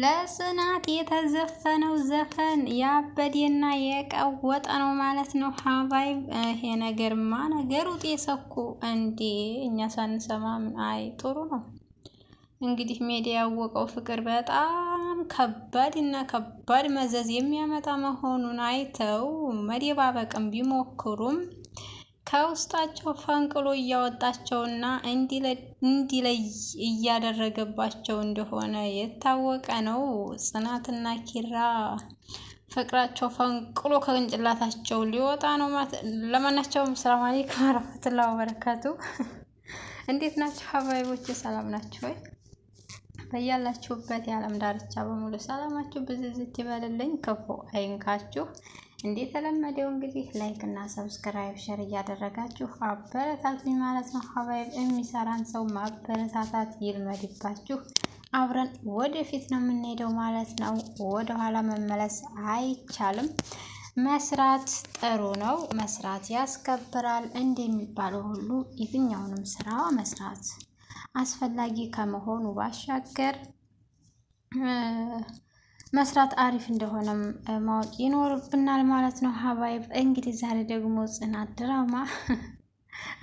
ለጽናት የተዘፈነው ዘፈን ያበዴና የቀወጠ ነው ማለት ነው። ሀባይ ይሄ ነገርማ ነገሩ ጤሰኩ እንዴ! እኛ ሳንሰማ አይ ጥሩ ነው እንግዲህ ሜዲያ ያወቀው ፍቅር በጣም ከባድ እና ከባድ መዘዝ የሚያመጣ መሆኑን አይተው መደባበቅም ቢሞክሩም ከውስጣቸው ፈንቅሎ እያወጣቸውና እንዲለይ እያደረገባቸው እንደሆነ የታወቀ ነው። ጽናትና ኪራ ፍቅራቸው ፈንቅሎ ከቅንጭላታቸው ሊወጣ ነው። ለማናቸውም ሰላም አለይኩም ወረሕመቱላሂ ወበረካቱ። እንዴት ናቸው ሀባይቦች? ሰላም ናቸው ወይ? በያላችሁበት የዓለም ዳርቻ በሙሉ ሰላማችሁ ብዝዝት ይበልልኝ፣ ክፉ አይንካችሁ። እንደተለመደው እንግዲህ ላይክ እና ሰብስክራይብ ሸር እያደረጋችሁ አበረታቱኝ ማለት ነው። ሀባይብ የሚሰራን ሰው ማበረታታት ይልመድባችሁ። አብረን ወደፊት ነው የምንሄደው ማለት ነው። ወደኋላ መመለስ አይቻልም። መስራት ጥሩ ነው። መስራት ያስከብራል እንደሚባለው ሁሉ የትኛውንም ስራ መስራት አስፈላጊ ከመሆኑ ባሻገር መስራት አሪፍ እንደሆነም ማወቅ ይኖርብናል ማለት ነው። ሀባይብ እንግዲህ ዛሬ ደግሞ ጽናት ድራማ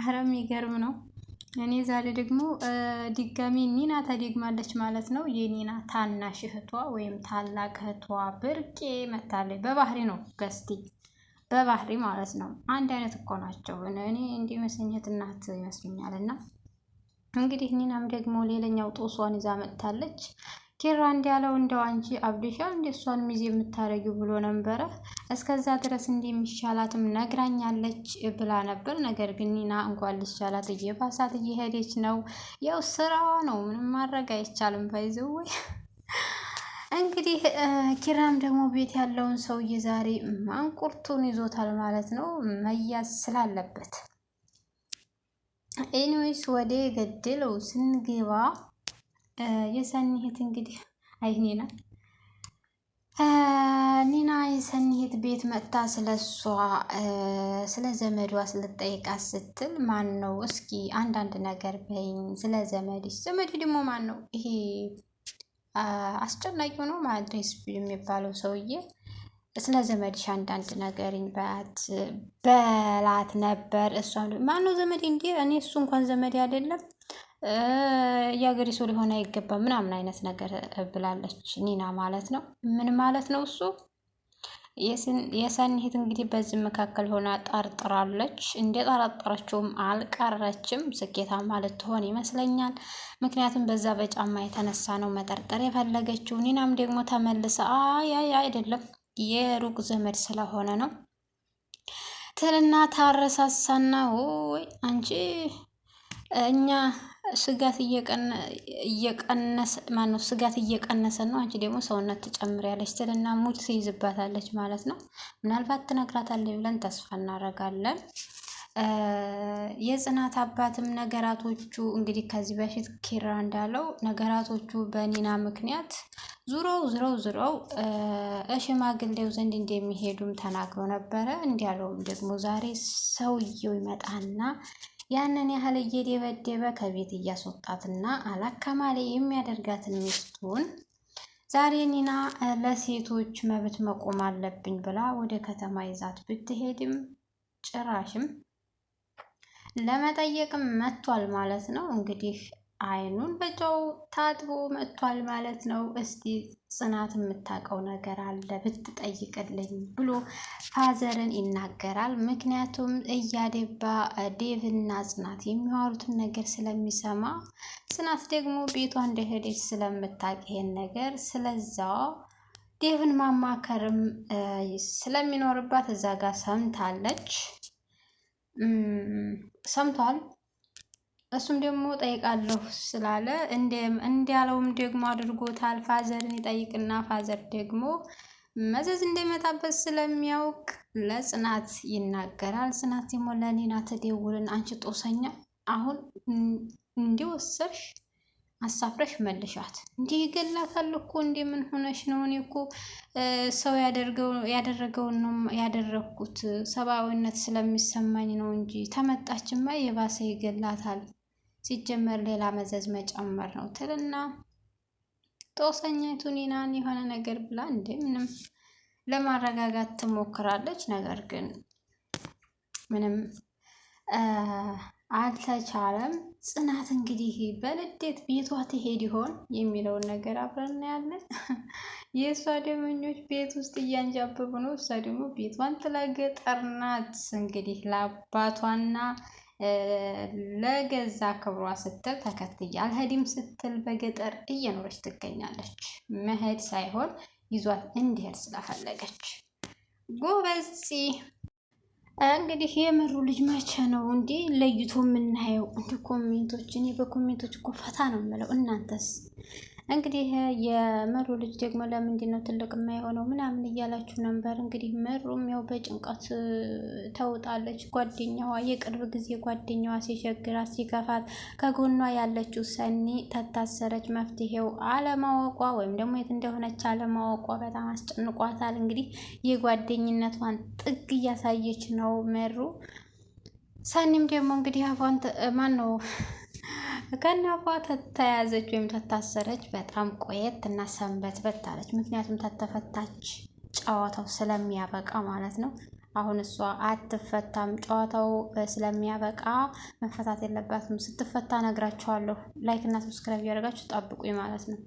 አረ የሚገርም ነው። እኔ ዛሬ ደግሞ ድጋሚ ኒና ተደግማለች ማለት ነው። የኒና ታናሽ እህቷ ወይም ታላቅ እህቷ ብርቄ መታለች። በባህሪ ነው ገስቲ በባህሪ ማለት ነው። አንድ አይነት እኮ ናቸው። እኔ እንዲህ መስኘት እናት ይመስሉኛል እና እንግዲህ ኒናም ደግሞ ሌላኛው ጦሷን ይዛ መጥታለች። ኪራ ያለው እንደው አንቺ አብድሻ እንደ እሷን ሚዜ የምታደርጊው ብሎ ነበረ። እስከዛ ድረስ እንደሚሻላትም ነግራኛለች ብላ ነበር። ነገር ግን ኒና እንኳን ልሻላት እየባሳት እየሄደች ነው። ያው ስራዋ ነው፣ ምንም ማድረግ አይቻልም። ባይዘወይ እንግዲህ ኪራም ደግሞ ቤት ያለውን ሰውዬ ዛሬ ማንቁርቱን ይዞታል ማለት ነው መያዝ ስላለበት ኤኒዌይስ ወደ ገደለው ስንገባ የሰኒ እንግዲህ አይ ኒና ኒና የሰኒ ቤት መጥታ ስለሷ ስለ ዘመዷ ስለጠይቃት ስትል ማን ነው እስኪ አንዳንድ ነገር በይኝ ስለ ዘመድሽ። ዘመድ ደግሞ ማን ነው? ይሄ አስጨናቂው ነው ማድሬስ የሚባለው ሰውዬ ስለ ዘመድሽ አንዳንድ ነገርኝ በላት በላት ነበር። እሷም ማነው ዘመድ እንዲ እኔ እሱ እንኳን ዘመዴ አይደለም የአገሬ ሰው ሊሆን አይገባም ምናምን አይነት ነገር ብላለች። ኒና ማለት ነው። ምን ማለት ነው እሱ የሰኒሄት እንግዲህ በዚህ መካከል ሆና ጠርጥራለች። እንደጠረጠረችውም አልቀረችም። ስኬታማ ልትሆን ይመስለኛል። ምክንያቱም በዛ በጫማ የተነሳ ነው መጠርጠር የፈለገችው። ኒናም ደግሞ ተመልሰ አይ አይ አይደለም የሩቅ ዘመድ ስለሆነ ነው ትልና ታረሳሳና ወይ አንቺ እኛ ስጋት እየቀነሰ ማነው ስጋት እየቀነሰ ነው፣ አንቺ ደግሞ ሰውነት ትጨምሪያለች ትልና ሙድ ትይዝባታለች ማለት ነው። ምናልባት ትነግራታለች ብለን ተስፋ እናደርጋለን። የጽናት አባትም ነገራቶቹ እንግዲህ ከዚህ በፊት ኪራ እንዳለው ነገራቶቹ በኒና ምክንያት ዙሮ ዙረው ዙረው ሽማግሌው ዘንድ እንደሚሄዱም ተናግሮ ነበረ። እንዲያለውም ደግሞ ዛሬ ሰውየው ይመጣና ያንን ያህል እየደበደበ ከቤት እያስወጣትና አላካማሌ የሚያደርጋትን ሚስቱን ዛሬ ኒና ለሴቶች መብት መቆም አለብኝ ብላ ወደ ከተማ ይዛት ብትሄድም ጭራሽም ለመጠየቅም መጥቷል ማለት ነው እንግዲህ አይኑን በጨው ታጥቦ መጥቷል ማለት ነው። እስቲ ጽናት የምታውቀው ነገር አለ ብትጠይቅልኝ ብሎ ፋዘርን ይናገራል። ምክንያቱም እያደባ ዴቭና ጽናት የሚዋሩትን ነገር ስለሚሰማ ጽናት ደግሞ ቤቷ እንደሄደች ስለምታውቅ ይሄን ነገር ስለዛ ዴቭን ማማከርም ስለሚኖርባት እዛ ጋር ሰምታለች ሰምቷል እሱም ደግሞ ጠይቃለሁ ስላለ እንዲያለውም ደግሞ አድርጎታል። ፋዘርን ይጠይቅና ፋዘር ደግሞ መዘዝ እንደመጣበት ስለሚያውቅ ለጽናት ይናገራል። ጽናት ደግሞ ለኔና ተደውልን አንቺ ጦሰኛ አሁን እንዲወሰሽ አሳፍረሽ መልሻት፣ እንዲህ ይገላታል እኮ ምን ሆነሽ ነው? እኔ እኮ ሰው ያደረገውን ነው ያደረግኩት፣ ሰብአዊነት ስለሚሰማኝ ነው እንጂ ተመጣችማ የባሰ ይገላታል። ሲጀመር ሌላ መዘዝ መጨመር ነው ትልና ጦሰኛይቱ ኒናን የሆነ ነገር ብላ እንደምንም ለማረጋጋት ትሞክራለች። ነገር ግን ምንም አልተቻለም። ጽናት እንግዲህ በንዴት ቤቷ ትሄድ ይሆን የሚለውን ነገር አብረን እናያለን። የእሷ ደመኞች ቤት ውስጥ እያንዣበቡ ነው። እሷ ደግሞ ቤቷን ትላ ገጠር ናት እንግዲህ ለአባቷና ለገዛ ክብሯ ስትል ተከትያ አልሄድም ስትል በገጠር እየኖረች ትገኛለች። መሄድ ሳይሆን ይዟት እንዲሄድ ስላፈለገች ጎበዝ። እንግዲህ የምሩ ልጅ መቼ ነው እንዲ ለይቶ የምናየው? እንዲ ኮሜንቶች እኔ በኮሜንቶች እኮ ፈታ ነው የምለው። እናንተስ እንግዲህ የመሩ ልጅ ደግሞ ለምንድን ነው ትልቅ የማይሆነው ምናምን እያላችሁ ነበር። እንግዲህ መሩም ያው በጭንቀት ተውጣለች። ጓደኛዋ የቅርብ ጊዜ ጓደኛዋ ሲሸግራት ሲከፋት ከጎኗ ያለችው ሰኒ ተታሰረች። መፍትሄው አለማወቋ ወይም ደግሞ የት እንደሆነች አለማወቋ በጣም አስጨንቋታል። እንግዲህ የጓደኝነቷን ጥግ እያሳየች ነው መሩ። ሰኒም ደግሞ እንግዲህ አፏን ማን ነው ከናፏ ተያዘች ወይም ተታሰረች። በጣም ቆየት እና ሰንበት በታለች። ምክንያቱም ተተፈታች ጨዋታው ስለሚያበቃ ማለት ነው። አሁን እሷ አትፈታም፣ ጨዋታው ስለሚያበቃ መፈታት የለባትም። ስትፈታ ነግራችኋለሁ። ላይክ እና ሰብስክራይብ እያደረጋችሁ ጠብቁኝ ማለት ነው።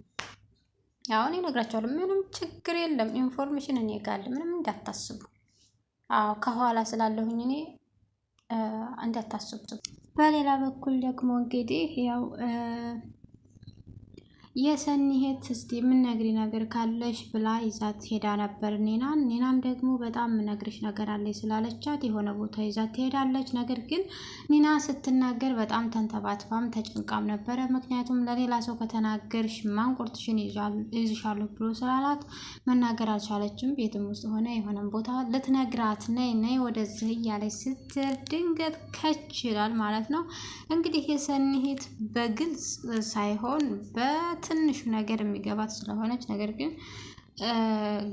አሁን ይነግራችኋለሁ። ምንም ችግር የለም። ኢንፎርሜሽን እኔ ጋር ምንም እንዳታስቡ። አዎ ከኋላ ስላለሁኝ እኔ እንዳታስቡ። በሌላ በኩል ደግሞ እንግዲህ ያው የሰኒ እህት እስቲ የምነግሪ ነገር ካለሽ ብላ ይዛት ሄዳ ነበር ኔናን። ኔናም ደግሞ በጣም ምነግርሽ ነገር አለች ስላለቻት የሆነ ቦታ ይዛት ትሄዳለች። ነገር ግን ኒና ስትናገር በጣም ተንተባትፋም ተጨንቃም ነበረ። ምክንያቱም ለሌላ ሰው ከተናገርሽ ማንቁርትሽን ይዝሻለሁ ብሎ ስላላት መናገር አልቻለችም። ቤትም ውስጥ ሆነ የሆነም ቦታ ልትነግራት ነይ ነይ ወደዚህ እያለች ስትል ድንገት ከች ይላል ማለት ነው። እንግዲህ የሰኒ እህት በግልጽ ሳይሆን በት ትንሹ ነገር የሚገባት ስለሆነች ነገር ግን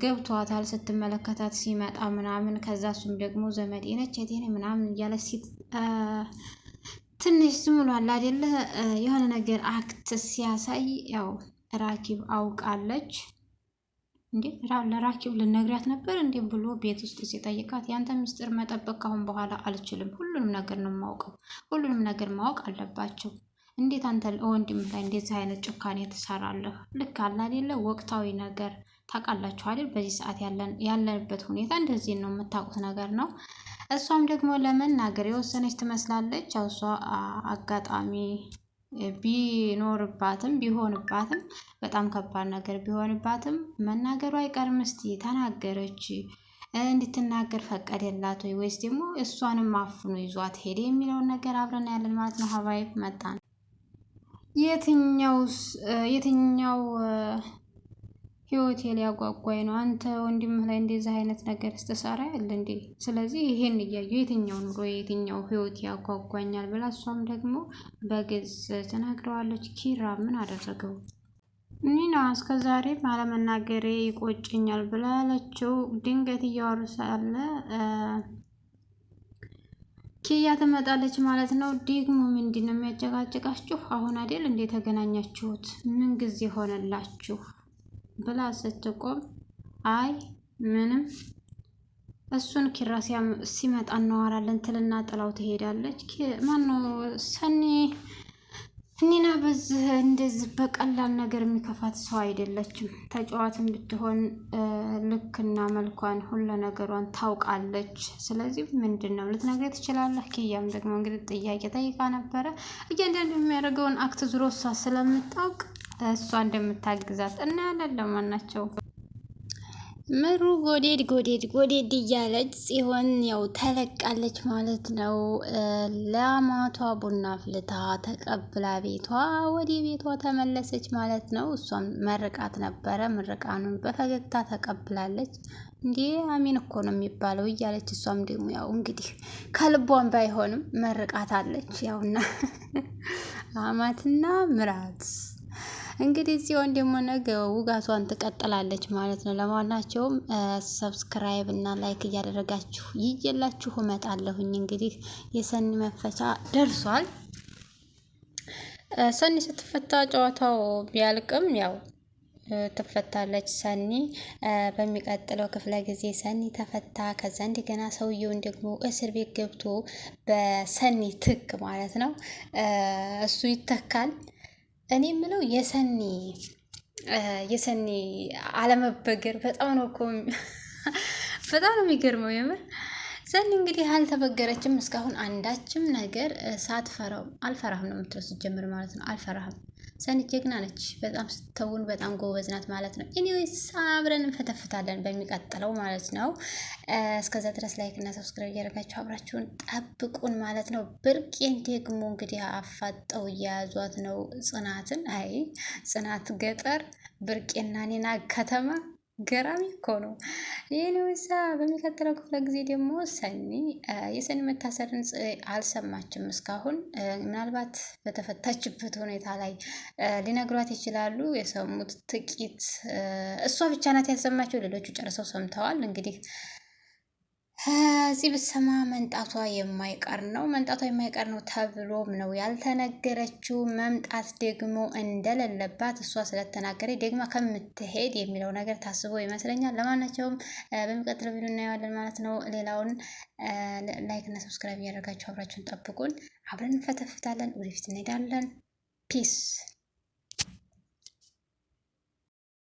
ገብቷታል ስትመለከታት ሲመጣ ምናምን ከዛ እሱም ደግሞ ዘመዴ ነች የቴኔ ምናምን እያለ ሲት ትንሽ ዝም ብሏል አይደለ የሆነ ነገር አክት ሲያሳይ ያው ራኪብ አውቃለች እንዴ ለራኪብ ልነግሪያት ነበር እንዴ ብሎ ቤት ውስጥ ሲጠይቃት ያንተ ምስጢር መጠበቅ ካሁን በኋላ አልችልም ሁሉንም ነገር ነው የማውቀው ሁሉንም ነገር ማወቅ አለባቸው እንዴት አንተ ወንድም ላይ እንደዚህ አይነት ጭካኔ ትሰራለህ? ልክ አለ አይደለ? ወቅታዊ ነገር ታውቃላችሁ አይደል? በዚህ ሰዓት ያለንበት ሁኔታ እንደዚህ ነው፣ የምታውቁት ነገር ነው። እሷም ደግሞ ለመናገር የወሰነች ትመስላለች። ያው እሷ አጋጣሚ ቢኖርባትም ቢሆንባትም በጣም ከባድ ነገር ቢሆንባትም መናገሩ አይቀርም። እስቲ ተናገረች እንድትናገር ፈቀደላት ወይ ወይስ ደግሞ እሷንም አፍኖ ይዟት ሄደ የሚለውን ነገር አብረን ያለን ማለት ነው። ሀባይ መጣ ነው። የትኛው ህይወቴ ሊያጓጓኝ ነው? አንተ ወንድምህ ላይ እንደዚህ አይነት ነገር ስትሰራ ያለ እንዴ? ስለዚህ ይሄን እያየሁ የትኛው ኑሮ የትኛው ህይወት ያጓጓኛል ብላ እሷም ደግሞ በግልጽ ተናግረዋለች። ኪራ ምን አደረገው? ኒና ዛሬም አለመናገሬ ይቆጭኛል ብላለችው። ድንገት እያወሩ ሳለ ኪያ ትመጣለች ማለት ነው። ደግሞ ምንድን ነው የሚያጨቃጭቃችሁ አሁን አይደል እንዴ ተገናኛችሁት? ምን ጊዜ ሆነላችሁ ብላ ስትቆም አይ ምንም እሱን ኪራ ሲመጣ እናወራለን ትልና ጥላው ትሄዳለች። ማነው ሰኔ? እኔና በዚህ እንደዚህ በቀላል ነገር የሚከፋት ሰው አይደለችም። ተጫዋትን ብትሆን ልክና መልኳን ሁሉ ነገሯን ታውቃለች። ስለዚህ ምንድን ነው ልትነግረኝ ትችላለህ። ኪያም ደግሞ እንግዲህ ጥያቄ ጠይቃ ነበረ። እያንዳንዱ የሚያደርገውን አክት ዙሮ እሷ ስለምታውቅ እሷ እንደምታግዛት እናያለን። ለማናቸው ምሩ ጎዴድ ጎዴድ ጎዴድ እያለች ሲሆን ያው ተለቃለች ማለት ነው። ለአማቷ ቡና ፍልታ ተቀብላ ቤቷ ወደ ቤቷ ተመለሰች ማለት ነው። እሷም መርቃት ነበረ። ምርቃኑን በፈገግታ ተቀብላለች። እንዴ አሚን እኮ ነው የሚባለው እያለች እሷም ደግሞ ያው እንግዲህ ከልቧን ባይሆንም መርቃት አለች ያውና አማትና ምራት እንግዲህ ጽዮን ደግሞ ነገ ውጋቷን ትቀጥላለች ማለት ነው። ለማናቸውም ሰብስክራይብ እና ላይክ እያደረጋችሁ ይዤላችሁ እመጣለሁኝ። እንግዲህ የሰኒ መፈቻ ደርሷል። ሰኒ ስትፈታ ጨዋታው ቢያልቅም ያው ትፈታለች ሰኒ። በሚቀጥለው ክፍለ ጊዜ ሰኒ ተፈታ። ከዛ እንደገና ሰውየውን ደግሞ እስር ቤት ገብቶ በሰኒ ትክ ማለት ነው እሱ ይተካል። እኔ የምለው የሰኒ የሰኒ አለመበገር በጣም ነው እኮ በጣም ነው የሚገርመው። የምር ሰኒ እንግዲህ አልተበገረችም እስካሁን አንዳችም ነገር ሳትፈራው አልፈራህም ነው የምትለው ስትጀምር ማለት ነው አልፈራህም ሰኒት ጀግና ነች። በጣም ስትተውን በጣም ጎበዝ ናት ማለት ነው። ኢኒዌይስ አብረን እንፈተፍታለን በሚቀጥለው ማለት ነው። እስከዛ ድረስ ላይክ እና ሰብስክራይብ እያደረጋችሁ አብራችሁን ጠብቁን ማለት ነው። ብርቄን ደግሞ እንግዲህ አፋጠው እያያዟት ነው ጽናትን። አይ ጽናት ገጠር ብርቄና ኔና ከተማ ገራሚ እኮ ነው። ይህን በሚቀጥለው ክፍለ ጊዜ ደግሞ ሰኒ የሰኒ መታሰርን አልሰማችም እስካሁን። ምናልባት በተፈታችበት ሁኔታ ላይ ሊነግሯት ይችላሉ። የሰሙት ጥቂት እሷ ብቻ ናት ያልሰማቸው፣ ሌሎቹ ጨርሰው ሰምተዋል እንግዲህ እዚህ ብሰማ መንጣቷ የማይቀር ነው መንጣቷ የማይቀር ነው ተብሎም ነው ያልተነገረችው። መምጣት ደግሞ እንደሌለባት እሷ ስለተናገረ ደግማ ከምትሄድ የሚለው ነገር ታስቦ ይመስለኛል። ለማናቸውም በሚቀጥለው ቪዲዮ እናየዋለን ማለት ነው። ሌላውን ላይክ እና ሰብስክራይብ እያደረጋችሁ አብራችሁን ጠብቁን። አብረን እንፈተፍታለን፣ ወደፊት እንሄዳለን። ፒስ